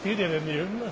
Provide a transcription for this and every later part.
spielt in den himmel.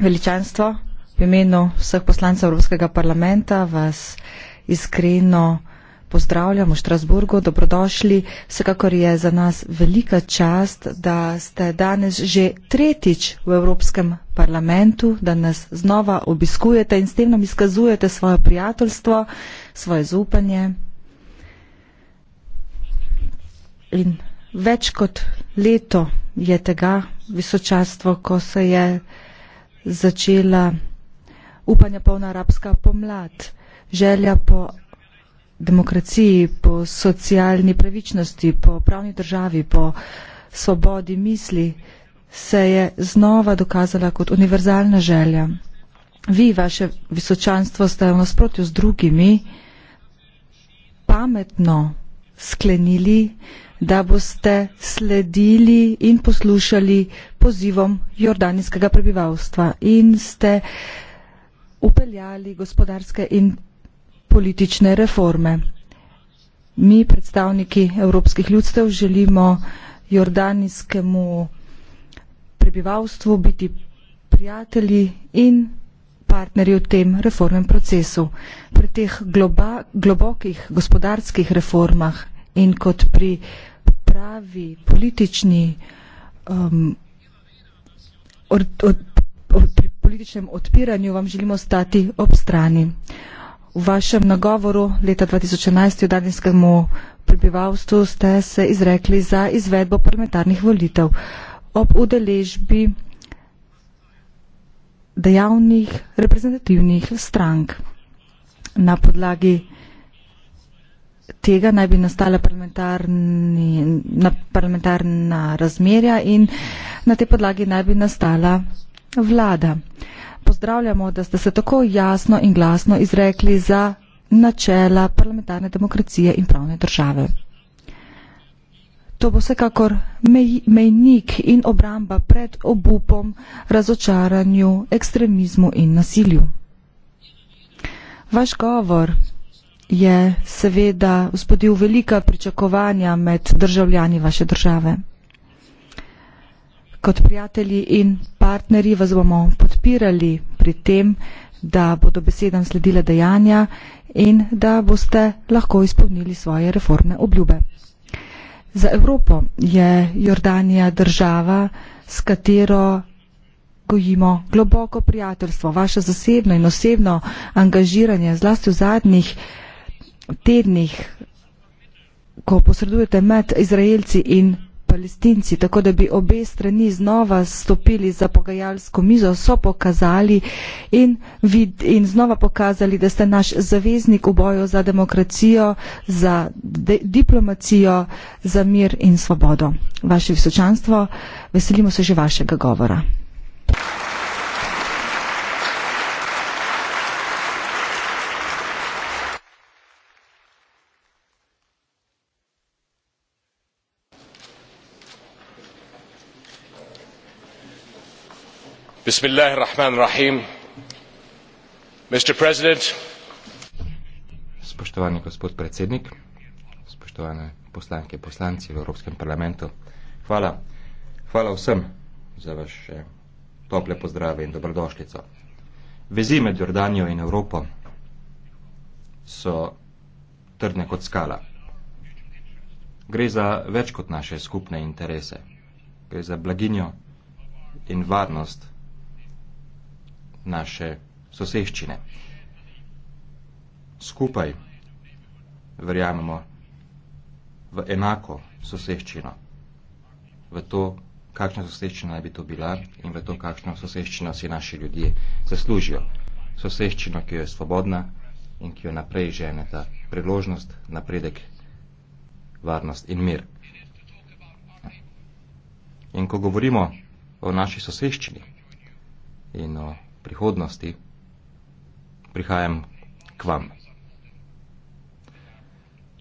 Veličanstvo, v imenu vseh poslancev Evropskega parlamenta vas iskreno pozdravljam v Štrasburgu, dobrodošli. Vsekakor je za nas velika čast, da ste danes že tretjič v Evropskem parlamentu, da nas znova obiskujete in s tem nam izkazujete svoje prijateljstvo, svoje zaupanje. In več kot leto je tega visočastvo, ko se je začela upanja polna arabska pomlad, želja po demokraciji, po socialni pravičnosti, po pravni državi, po svobodi misli, se je znova dokazala kot univerzalna želja. Vi, vaše visočanstvo, ste v nasprotju z drugimi pametno sklenili, da boste sledili in poslušali pozivom jordanskega prebivalstva in ste upeljali gospodarske in politične reforme. Mi, predstavniki evropskih ljudstev, želimo jordanskemu prebivalstvu biti prijatelji in partnerji v tem reformnem procesu. Pri teh globa, globokih gospodarskih reformah in kot pri pravi politični um, od, od, od, pri političnem odpiranju vam želimo stati ob strani. V vašem nagovoru leta 2011 v danskemu prebivalstvu ste se izrekli za izvedbo parlamentarnih volitev. Ob udeležbi dejavnih reprezentativnih strank na podlagi tega naj bi nastala parlamentarna, parlamentarna razmerja in na tej podlagi naj bi nastala vlada. Pozdravljamo, da ste se tako jasno in glasno izrekli za načela parlamentarne demokracije in pravne države. To bo vsekakor mej, mejnik in obramba pred obupom, razočaranju, ekstremizmu in nasilju. Vaš govor je seveda vzbudil velika pričakovanja med državljani vaše države. Kot prijatelji in partnerji vas bomo podpirali pri tem, da bodo besedam sledile dejanja in da boste lahko izpolnili svoje reformne obljube. Za Evropo je Jordanija država, s katero gojimo globoko prijateljstvo. Vaše zasebno in osebno angažiranje, zlasti v zadnjih tednih, ko posredujete med Izraelci in Palestinci, tako da bi obe strani znova stopili za pogajalsko mizo, so pokazali in, vid, in znova pokazali, da ste naš zaveznik v boju za demokracijo, za de, diplomacijo, za mir in svobodo. Vaše visočanstvo, veselimo se že vašega govora. Thank you. Bismillah ar-Rahman ar-Rahim. Mr. President. Spoštovani gospod predsednik, spoštovane poslanke in poslanci v Evropskem parlamentu, hvala. Hvala vsem za vaše tople pozdrave in dobrodošlico. Vezi med Jordanijo in Evropo so trdne kot skala. Gre za več kot naše skupne interese. Gre za blaginjo in varnost naše soseščine. Skupaj verjamemo v enako soseščino, v to, kakšna soseščina naj bi to bila in v to, kakšno soseščino si naši ljudje zaslužijo. Soseščino, ki jo je svobodna in ki jo naprej žene ta priložnost, napredek, varnost in mir. In ko govorimo o naši soseščini in o prihodnosti, prihajam k vam.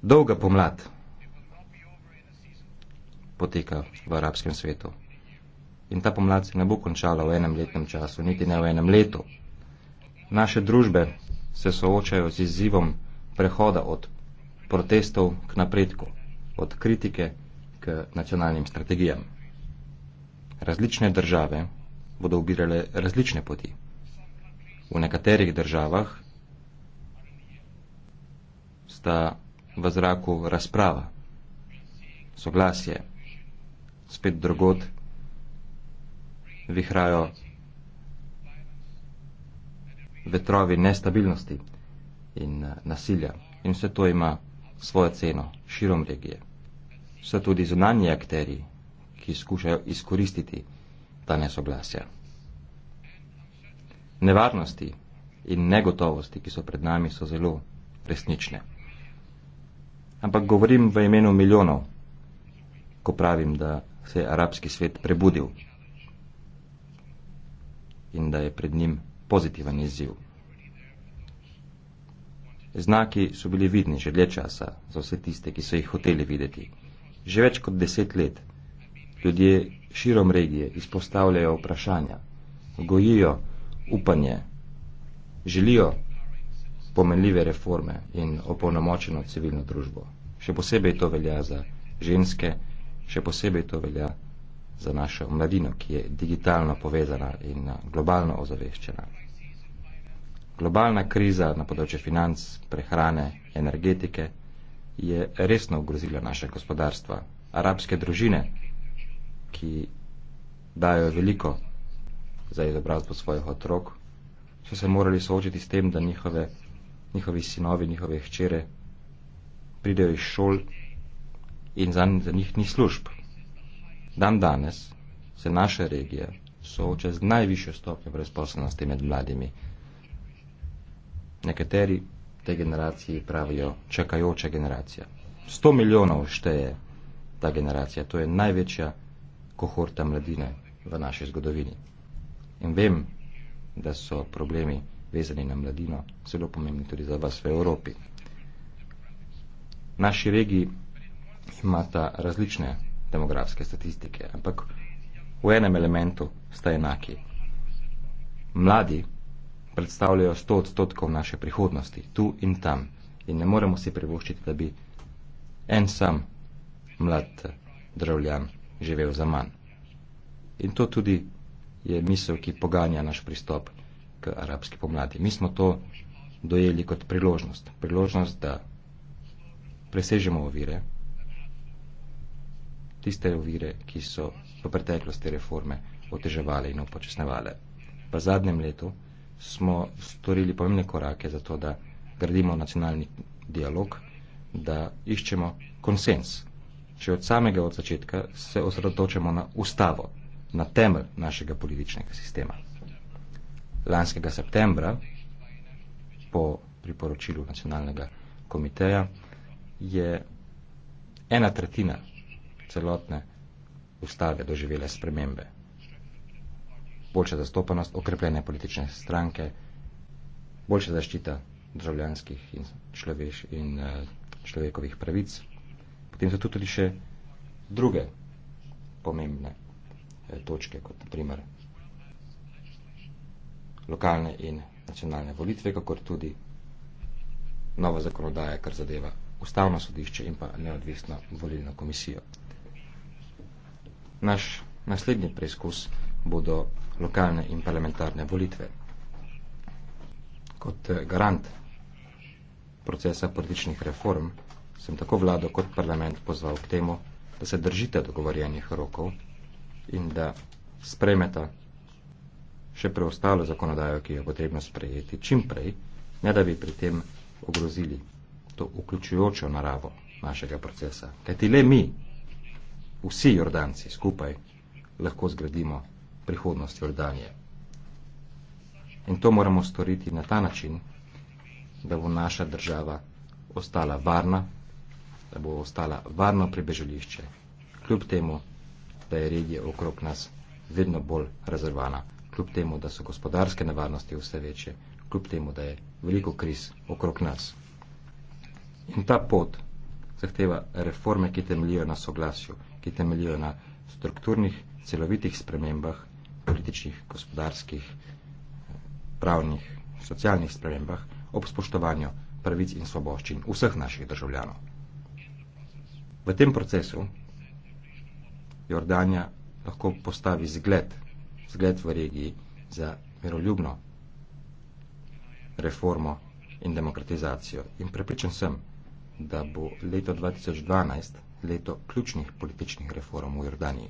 Dolga pomlad poteka v arabskem svetu. In ta pomlad se ne bo končala v enem letnem času, niti ne v enem letu. Naše družbe se soočajo z izzivom prehoda od protestov k napredku, od kritike k nacionalnim strategijam. Različne države bodo ubirale različne poti. V nekaterih državah sta v zraku razprava, soglasje, spet drugod vihrajo vetrovi nestabilnosti in eh, nasilja. In vse to ima svojo ceno širom regije. So tudi zunanji akteri, ki skušajo izkoristiti ta nesoglasja nevarnosti in negotovosti, ki so pred nami, so zelo resnične. Ampak govorim v imenu milijonov, ko pravim, da se je arabski svet prebudil in da je pred njim pozitiven izziv. Znaki so bili vidni že dlje časa za vse tiste, ki so jih hoteli videti. Že več kot deset let ljudje širom regije izpostavljajo vprašanja, gojijo, upanje, želijo pomenljive reforme in opolnomočeno civilno družbo. Še posebej to velja za ženske, še posebej to velja za našo mladino, ki je digitalno povezana in eh, globalno ozaveščena. Globalna kriza na področju financ, prehrane, energetike je resno ogrozila naše gospodarstva. Arabske družine, ki dajo veliko za izobrazbo svojih otrok, so se morali soočiti s tem, da njihove, njihovi sinovi, njihove hčere pridejo iz šol in za, za njih ni služb. Dan danes se naša regija sooča z najvišjo stopnjo brezposobnosti med mladimi. Nekateri te generaciji pravijo čakajoča generacija. 100 milijonov šteje ta generacija, to je največja kohorta mladine v naši zgodovini. In vem, da so problemi vezani na mladino zelo pomembni tudi za vas v Evropi. Naši regiji imata različne demografske statistike, ampak v enem elementu sta enaki. Mladi predstavljajo 100 odstotkov naše prihodnosti, tu in tam. In ne moremo si privoščiti, da bi en sam mlad državljan živel za manj. In to tudi je misel, ki poganja naš pristop k arabski pomladi. Mi smo to dojeli kot priložnost. Priložnost, da presežemo ovire, tiste ovire, ki so v preteklosti reforme oteževale in upočasnevale. V zadnjem letu smo storili pomembne korake za to, da gradimo nacionalni dialog, da iščemo konsens. Če od samega od začetka se osredotočamo na ustavo, na temelj našega političnega sistema. Lanskega septembra, po priporočilu nacionalnega komiteja, je ena tretjina celotne ustave doživele spremembe. Boljša zastopanost, okrepljene politične stranke, boljša zaščita državljanskih in, človeš, in eh, človekovih pravic. Potem so tu tudi še druge pomembne Eh, točke, kot naprimer lokalne in nacionalne volitve, kakor tudi nova zakonodaja, kar zadeva ustavno sodišče in pa neodvisno volilno komisijo. Naš naslednji preizkus bodo lokalne in parlamentarne volitve. Kot eh, garant procesa političnih reform sem tako vlado kot parlament pozval k temu, da se držite dogovorjenih rokov in da spremeta še preostalo zakonodajo, ki jo je potrebno sprejeti čim prej, ne da bi pri tem ogrozili to vključujočo naravo našega procesa. Kajti le mi, vsi Jordanci skupaj, lahko zgradimo prihodnost Jordanije. In to moramo storiti na ta način, da bo naša država ostala varna, da bo ostala varno pribežališče, kljub temu, da je regija okrog nas vedno bolj razrvana, kljub temu, da so gospodarske nevarnosti vse večje, kljub temu, da je veliko kriz okrog nas. In ta pot zahteva reforme, ki temeljijo na soglasju, ki temeljijo na strukturnih, celovitih spremembah, političnih, gospodarskih, pravnih, socialnih spremembah, ob spoštovanju pravic in svoboščin vseh naših državljanov. V tem procesu Jordanija lahko postavi zgled, zgled v regiji za miroljubno reformo in demokratizacijo. In prepričan sem, da bo leto 2012 leto ključnih političnih reform v Jordaniji.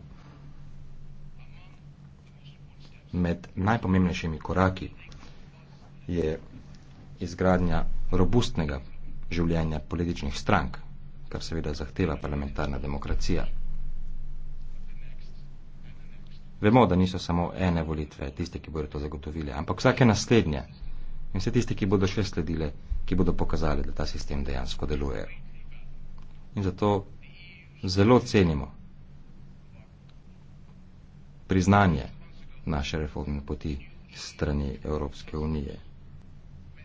Med najpomembnejšimi koraki je izgradnja robustnega življenja političnih strank, kar seveda zahteva parlamentarna demokracija. Vemo, da niso samo ene volitve tiste, ki bodo to zagotovile, ampak vsake naslednje in vse tiste, ki bodo še sledile, ki bodo pokazali, da ta sistem dejansko deluje. In zato zelo cenimo priznanje naše reformne poti strani Evropske unije.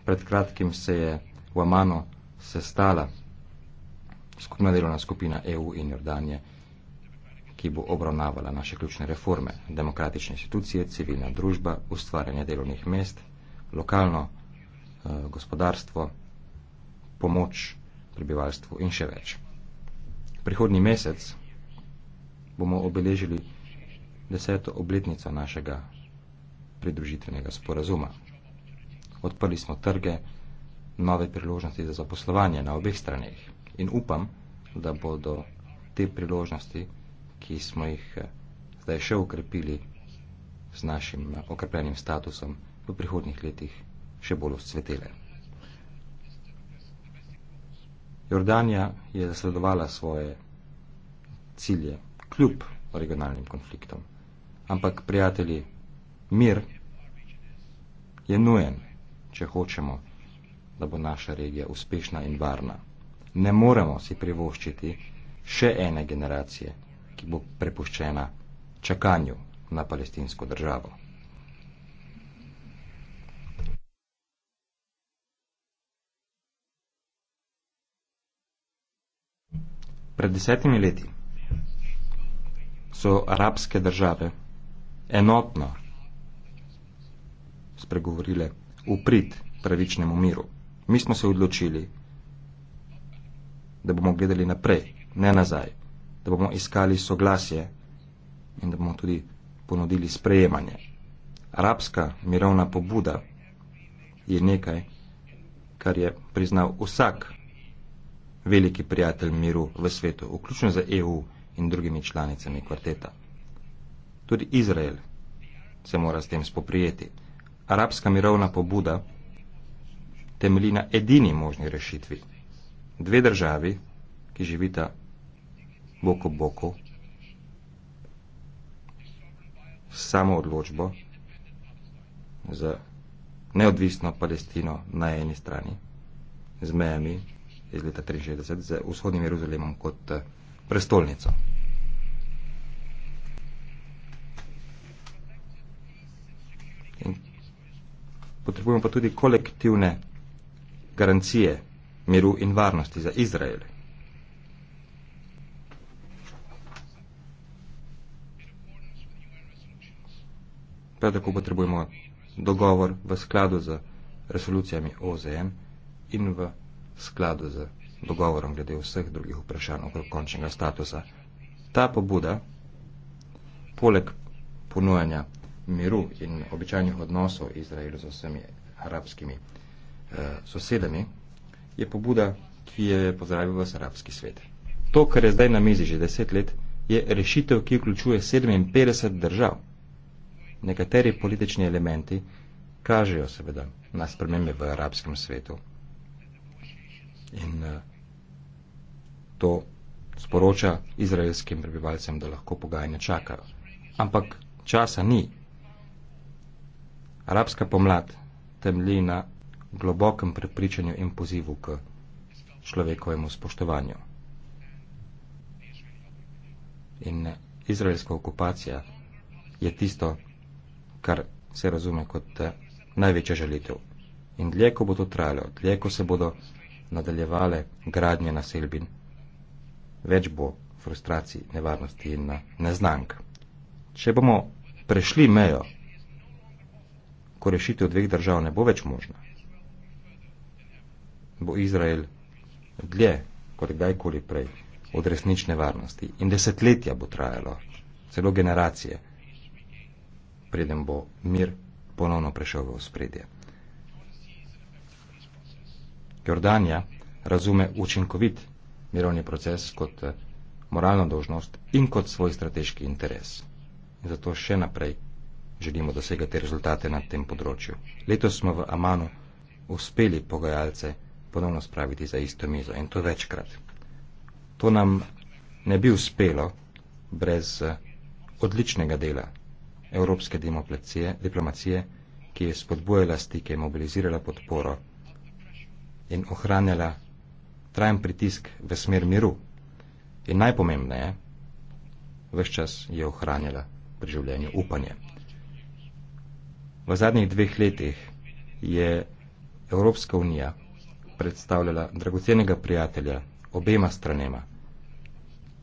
Pred kratkim se je v Amano sestala skupna delovna skupina EU in Jordanije ki bo obravnavala naše ključne reforme, demokratične institucije, civilna družba, ustvarjanje delovnih mest, lokalno eh, gospodarstvo, pomoč prebivalstvu in še več. Prihodni mesec bomo obeležili deseto obletnico našega pridružitvenega sporazuma. Odprli smo trge, nove priložnosti za zaposlovanje na obeh straneh in upam, da bodo te priložnosti ki smo jih eh, zdaj še ukrepili z našim eh, okrepljenim statusom, v prihodnih letih še bolj usvetele. Jordanija je zasledovala svoje cilje kljub regionalnim konfliktom, ampak prijatelji, mir je nujen, če hočemo, da bo naša regija uspešna in varna. Ne moremo si privoščiti še ene generacije ki bo prepuščena čakanju na palestinsko državo. Pred desetimi leti so arabske države enotno spregovorile uprit pravičnemu miru. Mi smo se odločili, da bomo gledali naprej, ne nazaj da bomo iskali soglasje in da bomo tudi ponudili sprejemanje. Arabska mirovna pobuda je nekaj, kar je priznal vsak veliki prijatelj miru v svetu, vključno z EU in drugimi članicami kvarteta. Tudi Izrael se mora s tem spoprijeti. Arabska mirovna pobuda temelji na edini možni rešitvi. Dve državi, ki živita bok ob boku, samo odločbo za neodvisno Palestino na eni strani, z mejami iz leta 63, z vzhodnim Jeruzalemom kot eh, prestolnico. In potrebujemo pa tudi kolektivne garancije miru in varnosti za Izrael. Prav tako potrebujemo dogovor v skladu z resolucijami OZN in v skladu z dogovorom glede vseh drugih vprašanj okrog končnega statusa. Ta pobuda, poleg ponujanja miru in običajnih odnosov Izraela z vsemi arabskimi eh, sosedami, je pobuda, ki je pozdravil vas arabski svet. To, kar je zdaj na mizi že deset let, je rešitev, ki vključuje 57 držav nekateri politični elementi kažejo seveda na spremembe v arabskem svetu. In eh, to sporoča izraelskim prebivalcem, da lahko pogajanja čakajo. Ampak časa ni. Arabska pomlad temlji na globokem prepričanju in pozivu k človekovemu spoštovanju. In eh, izraelska okupacija je tisto, kar se razume kot eh, največja žalitev. In dlje, ko bo to trajalo, dlje, ko se bodo nadaljevale gradnje naselbin, več bo frustracij, nevarnosti in eh, neznank. Če bomo prešli mejo, ko rešitev dveh držav ne bo več možna, bo Izrael dlje, kot kdajkoli prej, od resnične varnosti. In desetletja bo trajalo, celo generacije preden bo mir ponovno prešel v ospredje. Jordanija razume učinkovit mirovni proces kot eh, moralno dožnost in kot svoj strateški interes. In zato še naprej želimo dosegati rezultate na tem področju. Letos smo v Amanu uspeli pogajalce ponovno spraviti za isto mizo in to večkrat. To nam ne bi uspelo brez eh, odličnega dela evropske diplomacije, ki je spodbujala stike, mobilizirala podporo in ohranjala trajen pritisk v smer miru. In najpomembneje, vse čas je ohranjala pri življenju upanje. V zadnjih dveh letih je Evropska unija predstavljala dragocenega prijatelja obema stranema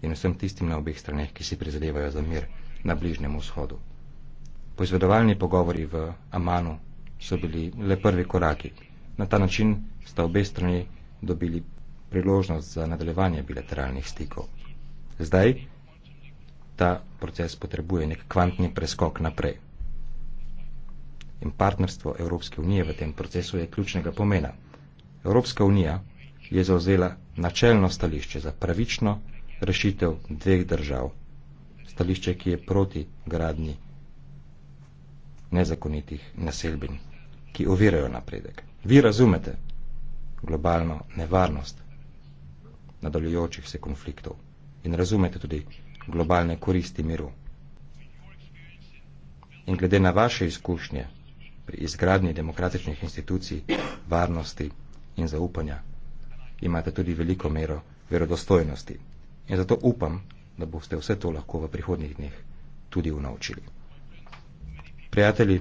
in vsem tistim na obeh straneh, ki si prizadevajo za mir na Bližnjem vzhodu poizvedovalni pogovori v Amanu so bili le prvi koraki. Na ta način sta obe strani dobili priložnost za nadaljevanje bilateralnih stikov. Zdaj ta proces potrebuje nek kvantni preskok naprej. In partnerstvo Evropske unije v tem procesu je ključnega pomena. Evropska unija je zauzela načelno stališče za pravično rešitev dveh držav. Stališče, ki je proti gradni nezakonitih naselbin, ki ovirajo napredek. Vi razumete globalno nevarnost nadaljujočih se konfliktov in razumete tudi globalne koristi miru. In glede na vaše izkušnje pri izgradnji demokratičnih institucij, varnosti in zaupanja, imate tudi veliko mero verodostojnosti. In zato upam, da boste vse to lahko v prihodnjih dneh tudi unaučili prijatelji,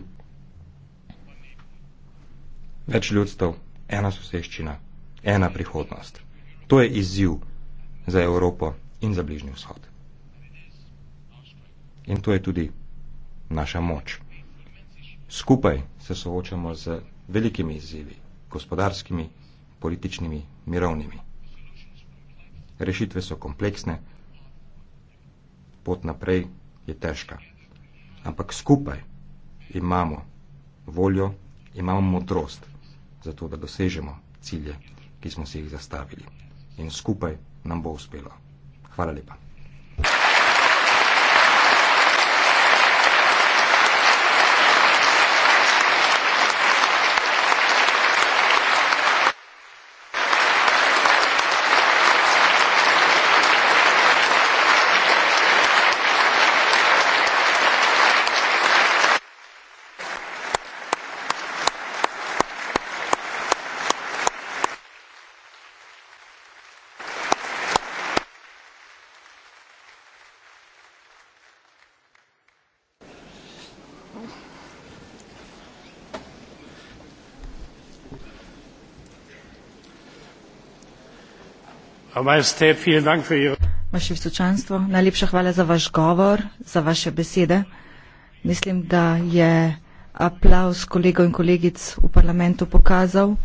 več ljudstv, ena soseščina, ena prihodnost. To je izziv za Evropo in za bližnji vzhod. In to je tudi naša moč. Skupaj se soočamo z velikimi izzivi, gospodarskimi, političnimi, mirovnimi. Rešitve so kompleksne, pot naprej je težka. Ampak skupaj imamo voljo, imamo modrost, zato da dosežemo cilje, ki smo si jih zastavili. In skupaj nam bo uspelo. Hvala lepa. Vaše visočanstvo, najlepša hvala za vaš govor, za vaše besede. Mislim, da je aplavz kolegov in kolegic v parlamentu pokazal,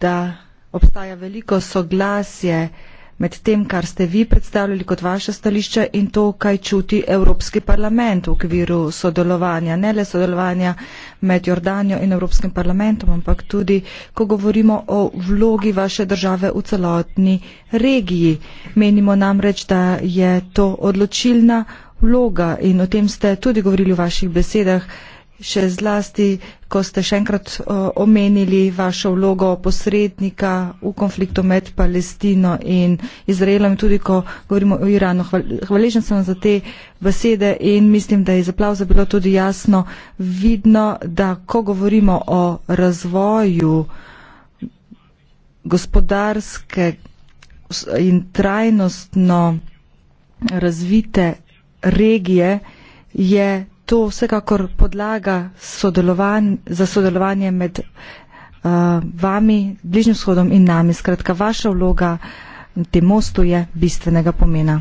da obstaja veliko soglasje, da med tem, kar ste vi predstavljali kot vaše stališče in to, kaj čuti Evropski parlament v okviru sodelovanja, ne le sodelovanja med Jordanijo in Evropskim parlamentom, ampak tudi, ko govorimo o vlogi vaše države v celotni regiji. Menimo namreč, da je to odločilna vloga in o tem ste tudi govorili v vaših besedah še zlasti, ko ste še enkrat omenili vašo vlogo posrednika v konfliktu med Palestino in Izraelom, tudi ko govorimo o Iranu. Hvaležen sem za te besede in mislim, da je iz aplauza bilo tudi jasno vidno, da ko govorimo o razvoju gospodarske in trajnostno razvite regije, je to vsekakor podlaga sodelovan, za sodelovanje med uh, vami, Bližnjim shodom in nami. Skratka, vaša vloga na tem mostu je bistvenega pomena.